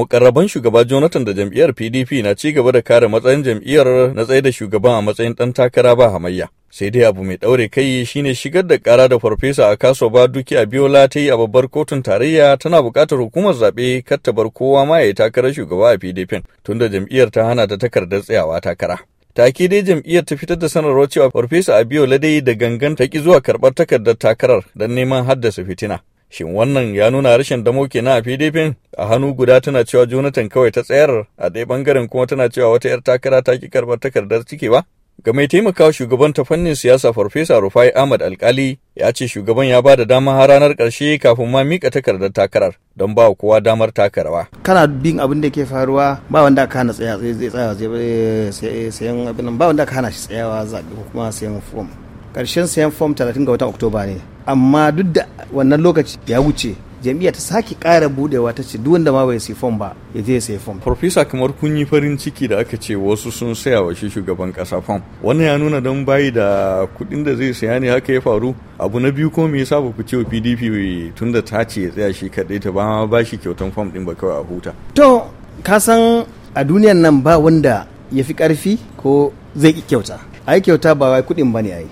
mukarraban shugaba jonathan da jam'iyyar pdp na ci gaba da kare matsayin jam'iyyar na tsaye da shugaban a matsayin ɗan takara ba hamayya sai dai abu mai ɗaure kai shine shigar da ƙara da farfesa a kaso ba duki a biyola ta yi a babbar kotun tarayya tana buƙatar hukumar zaɓe kar bar kowa ma ya takara takarar shugaba a pdp tunda jam'iyyar ta hana ta takardar tsayawa takara take dai jam'iyyar ta fitar da sanarwar cewa farfesa a biyola dai da gangan ta ki zuwa karɓar takardar takarar don neman haddasa fitina shin wannan ya nuna rashin damo kenan a pdp a hannu guda tana cewa jonathan kawai ta tsayar a ɗaya bangaren kuma tana cewa wata 'yar takara ta ki karɓar takardar cikewa ga mai taimakawa shugaban ta fannin siyasa farfesa rufai ahmad alkali ya ce shugaban ya ba da dama har ranar karshe kafin ma mika takardar takarar don ba kowa damar takarawa kana bin abin da ke faruwa ba wanda ka hana tsaya zai tsayawa zai eh, eh, sayan abin ba wanda ka hana shi tsayawa zaɓe ko kuma sayan fom karshen sayan fom 30 ga watan oktoba ne amma duk da wannan lokaci ya wuce jami'a ta sake ƙara budewa ta ce duk wanda ma bai sai fom ba ya je ya sai fom farfisa kamar kun yi farin ciki da aka ce wasu sun saya wa shi shugaban ƙasa fom wannan ya nuna don bayi da kuɗin da zai saya ne haka ya faru abu na biyu ko me ya ba ku ce wa PDP tunda ta ce ya tsaya shi kaɗai ta ba ba shi kyautan fom ɗin ba kawai a huta to ka san a duniyan nan ba wanda ya fi ƙarfi ko zai ƙi kyauta ai kyauta ba wai kuɗin bane yi.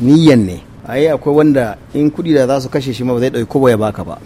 niyan ne yi akwai wanda in kuɗi da za su kashe shi ma ba zai ɗauki kowa ya baka ba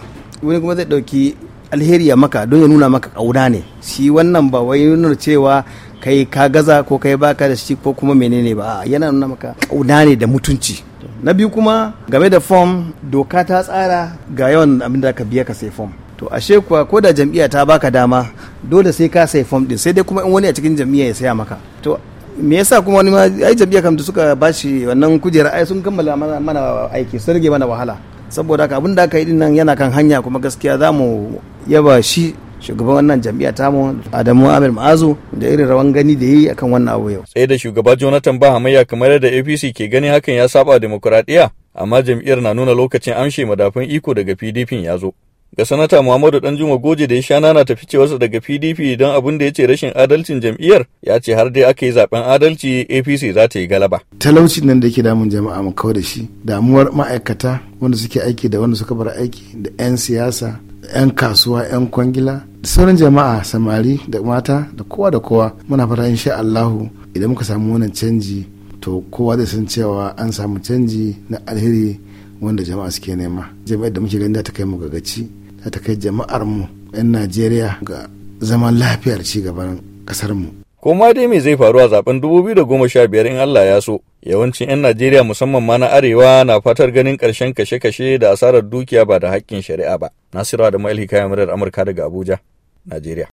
wani kuma zai ɗauki alheri ya maka don ya nuna maka ƙauna ne shi wannan ba wai nuna cewa kai ka gaza ko kai baka da shi ko kuma menene ba yana nuna maka ƙauna ne da mutunci na biyu kuma game da fom doka ta tsara ga yawan abin da ka biya ka sai fom to ashe kuwa ko da jam'iyya ta baka dama dole sai ka sai fom din sai dai kuma in wani a cikin jam'iyya ya saya maka to me yasa kuma wani ma ai jam'iyya kam da suka bashi wannan kujera ai sun kammala mana aiki sun rage mana wahala saboda haka abin da aka yi din nan yana kan hanya kuma gaskiya za mu yaba shi shugaban wannan ta tamu adamu amir ma'azu da irin rawan gani da yi akan wannan abu yau sai da shugaba jonathan ba hamayya kamar yadda apc ke gani hakan ya saba demokuraɗiyya amma jam'iyyar na nuna lokacin amshe madafun iko daga pdp ya zo ga sanata muhammadu danjuma goje da ya sha nana tafi cewarsa daga pdp don abin da ya ce rashin adalcin jam'iyyar ya ce har dai aka yi zaben adalci apc za ta yi galaba talauci nan da ke damun jama'a mu kawai da shi damuwar ma'aikata wanda suke aiki da wanda suka bar aiki da 'yan siyasa 'yan kasuwa 'yan kwangila da sauran jama'a samari da mata da kowa da kowa muna fata sha allahu idan muka samu wannan canji to kowa zai san cewa an samu canji na alheri wanda jama'a suke nema jama'a da muke ganin ta kai mu gagaci ta ta kai jama'ar mu 'yan najeriya ga zaman lafiyar ci gaban kasar mu koma dai mai zai faru a zaben 2015 in Allah ya so yawancin 'yan Najeriya musamman ma na arewa na fatar ganin ƙarshen kashe-kashe da asarar dukiya ba da haƙƙin shari'a ba Nasiru Adamu Alhikaya Murar Amurka daga Abuja Najeriya